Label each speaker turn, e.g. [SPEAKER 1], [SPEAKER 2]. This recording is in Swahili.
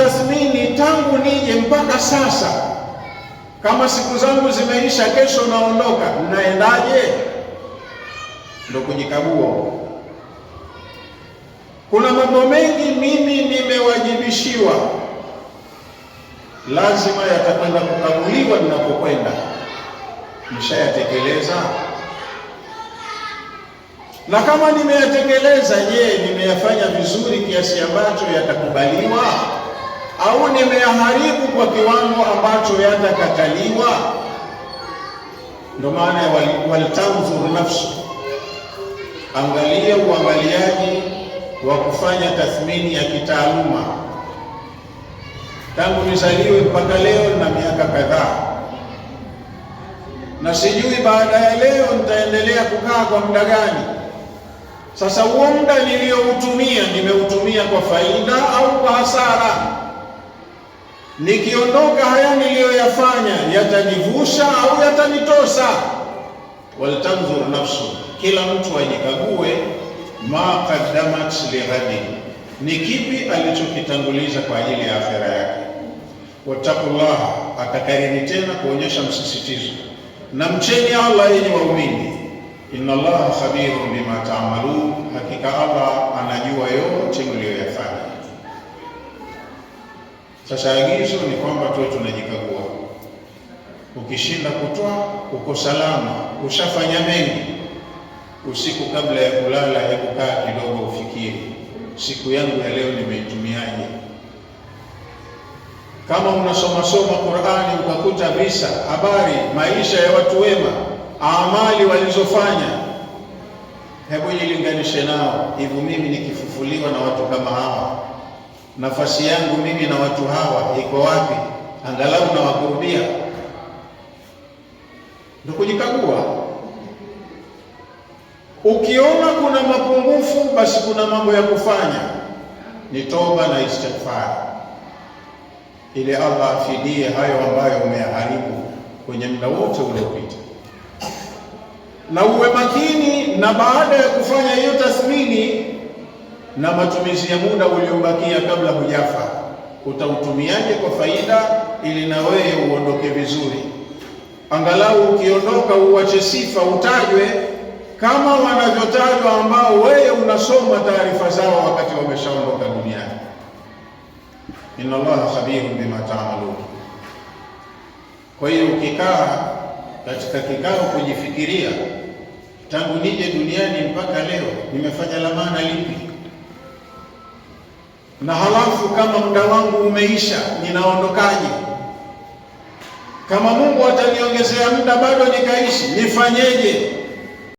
[SPEAKER 1] kujitathmini tangu nije mpaka sasa. Kama siku zangu zimeisha, kesho naondoka, naendaje? Ndio kujikagua. Kuna mambo mengi mimi nimewajibishiwa, lazima yatakwenda kukaguliwa ninapokwenda. Nishayatekeleza? na kama nimeyatekeleza, je, nimeyafanya vizuri kiasi ambacho yatakubaliwa? au nimeharibu kwa kiwango ambacho yatakataliwa? Ndio maana wal nafsi, angalie uangaliaji wa kufanya tathmini ya kitaaluma. Tangu nizaliwe mpaka leo na miaka kadhaa, na sijui baada ya leo nitaendelea kukaa kwa muda gani. Sasa huo muda niliyoutumia, nimeutumia kwa faida au kwa hasara? nikiondoka haya niliyoyafanya yatanivusha au yatanitosa. Waltanzur nafsu, kila mtu ajikague, ma qaddamat lighadi, ni kipi alichokitanguliza kwa ajili ya akhera yake. Wattaqullaha, akakariri tena kuonyesha msisitizo, na mcheni Allah yenye waumini. Inna Allaha khabirun bima taamalun, hakika Allah anajua yote Sasa agizo ni kwamba tuwe tunajikagua. Ukishinda kutoa uko salama, ushafanya mengi. Usiku kabla ya kulala, hebu kaa kidogo, ufikiri siku yangu ya leo nimeitumiaje? Kama unasoma soma Qur'ani ukakuta visa, habari, maisha ya watu wema, amali walizofanya, hebu jilinganishe nao. Hivyo mimi nikifufuliwa na watu kama hawa nafasi yangu mimi na watu hawa iko wapi? Angalau nawakurubia, ndio kujikagua. Ukiona kuna mapungufu, basi kuna mambo ya kufanya, ni toba na istighfar, ili Allah afidie hayo ambayo umeyaharibu kwenye muda wote uliopita, na uwe makini, na baada ya kufanya hiyo tathmini na matumizi ya muda uliobakia kabla hujafa utautumiaje kwa faida, ili na wewe uondoke vizuri. Angalau ukiondoka uwache sifa, utajwe kama wanavyotajwa ambao wewe unasoma taarifa zao wakati wameshaondoka duniani. Inna Allaha khabirun bima taamalun. Kwa hiyo ukikaa katika kikao kujifikiria, tangu nije duniani mpaka leo nimefanya la maana lipi? na halafu kama muda wangu umeisha, ninaondokaje? Kama Mungu ataniongezea muda bado nikaishi, nifanyeje?